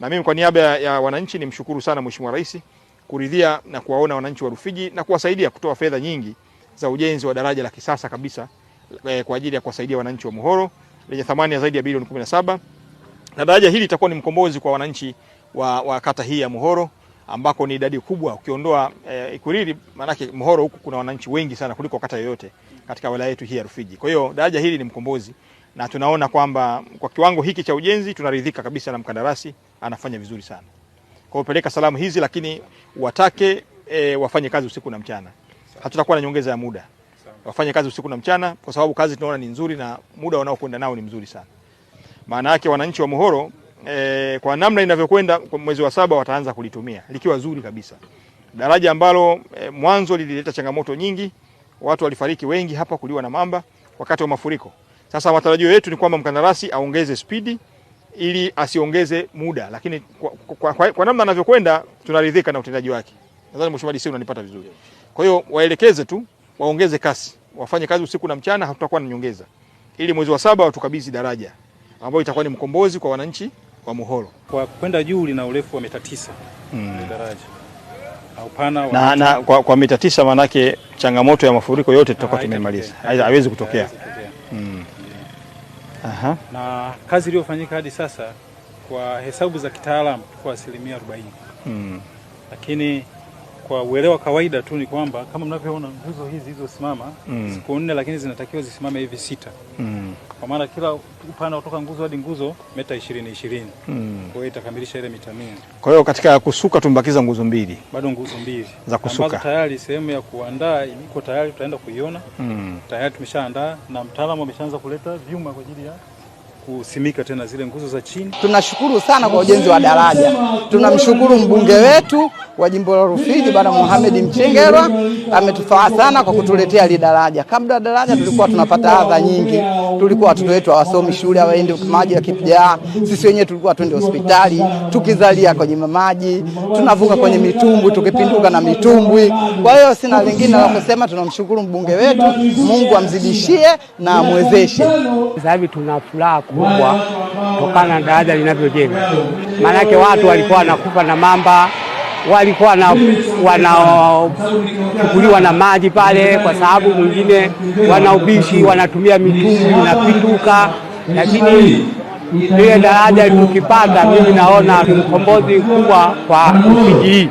Na mimi kwa niaba ya wananchi nimshukuru sana Mheshimiwa Rais kuridhia na kuwaona wananchi wa Rufiji na kuwasaidia kutoa fedha nyingi za ujenzi wa daraja la kisasa kabisa eh, kwa ajili ya kuwasaidia wananchi wa Muhoro lenye thamani ya zaidi ya bilioni 17 na daraja hili litakuwa ni mkombozi kwa wananchi wa, wa kata hii ya Muhoro ambako ni idadi kubwa ukiondoa eh, Ikuriri, maanake Muhoro huku kuna wananchi wengi sana kuliko kata yoyote katika wilaya yetu hii ya Rufiji. Kwa hiyo daraja hili ni mkombozi na tunaona kwamba kwa kiwango hiki cha ujenzi tunaridhika kabisa na mkandarasi anafanya vizuri sana. Kwa hiyo peleka salamu hizi, lakini watake e, wafanye kazi usiku na mchana. Hatutakuwa na nyongeza ya muda, wafanye kazi usiku na mchana kwa sababu kazi tunaona ni nzuri na muda wanaokwenda nao ni mzuri sana. Maana yake wananchi wa Muhoro e, kwa namna inavyokwenda mwezi wa saba wataanza kulitumia likiwa zuri kabisa, daraja ambalo e, mwanzo lilileta changamoto nyingi, watu walifariki wengi hapa, kuliwa na mamba wakati wa mafuriko. Sasa matarajio yetu ni kwamba mkandarasi aongeze spidi ili asiongeze muda, lakini kwa, kwa, kwa, kwa namna anavyokwenda tunaridhika na utendaji wake. Nadhani mheshimiwa DC unanipata vizuri. Kwa hiyo waelekeze tu waongeze kasi, wafanye kazi usiku na mchana, hatutakuwa na nyongeza, ili mwezi wa saba watukabidhi daraja ambayo itakuwa ni mkombozi kwa wananchi wa Muhoro. Kwa kwenda juu lina urefu wa mita tisa hmm. daraja na upana na, na, kwa, kwa mita tisa maanake changamoto ya mafuriko yote tutakuwa tumemaliza, haiwezi kutokea. Aha. na kazi iliyofanyika hadi sasa kwa hesabu za kitaalamu kwa asilimia 40. Mm. Lakini kwa uelewa kawaida tu ni kwamba kama mnavyoona nguzo hizi zilizosimama mm. siku nne, lakini zinatakiwa zisimame hivi sita mm. kwa maana kila upande kutoka nguzo hadi nguzo meta ishirini ishirini mm. kwa hiyo itakamilisha ile mita 100. Kwa hiyo katika kusuka tumbakiza nguzo mbili, bado nguzo mbili za kusuka ambazo tayari sehemu ya kuandaa iko tayari, tutaenda kuiona mm. tayari tumeshaandaa na mtaalamu ameshaanza kuleta vyuma kwa ajili ya kusimika tena zile nguzo za chini. Tunashukuru sana kwa ujenzi wa daraja, tunamshukuru mbunge wetu wa jimbo la Rufiji Bwana Mohamed Mchengerwa ametufaa sana kwa kutuletea ile daraja. Kabla daraja tulikuwa tunapata adha nyingi, tulikuwa watoto wetu hawasomi shule, hawaendi maji yakijaa, sisi wenyewe tulikuwa twende hospitali tukizalia kwenye maji, tunavuka kwenye mitumbwi tukipinduka na mitumbwi. Kwa hiyo sina lingine la kusema, tunamshukuru mbunge wetu, Mungu amzidishie na amwezeshe. Sasa hivi tuna furaha kubwa kutokana na daraja linavyojengwa, maanake watu walikuwa wanakufa na mamba walikuwa na wanachukuliwa na maji pale, kwa sababu mwingine wana ubishi, wanatumia mitumbwi inapinduka, lakini lile daraja tukipata, mimi naona ni ukombozi mkubwa kwa kijiji hii.